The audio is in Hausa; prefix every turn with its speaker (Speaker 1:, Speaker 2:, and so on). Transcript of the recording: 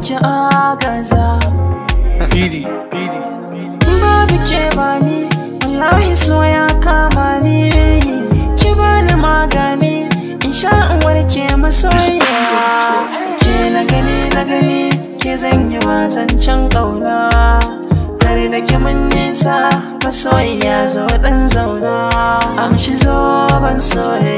Speaker 1: ki agaza Bidi Babu ke bani wallahi soya ya kama ni Ki bani magani insha in warke masoyiya Ke na gani na gani ke zan yi wazancen ƙauna Tare da ke mun nisa masoyiya zo dan zauna Amshi zo ban soya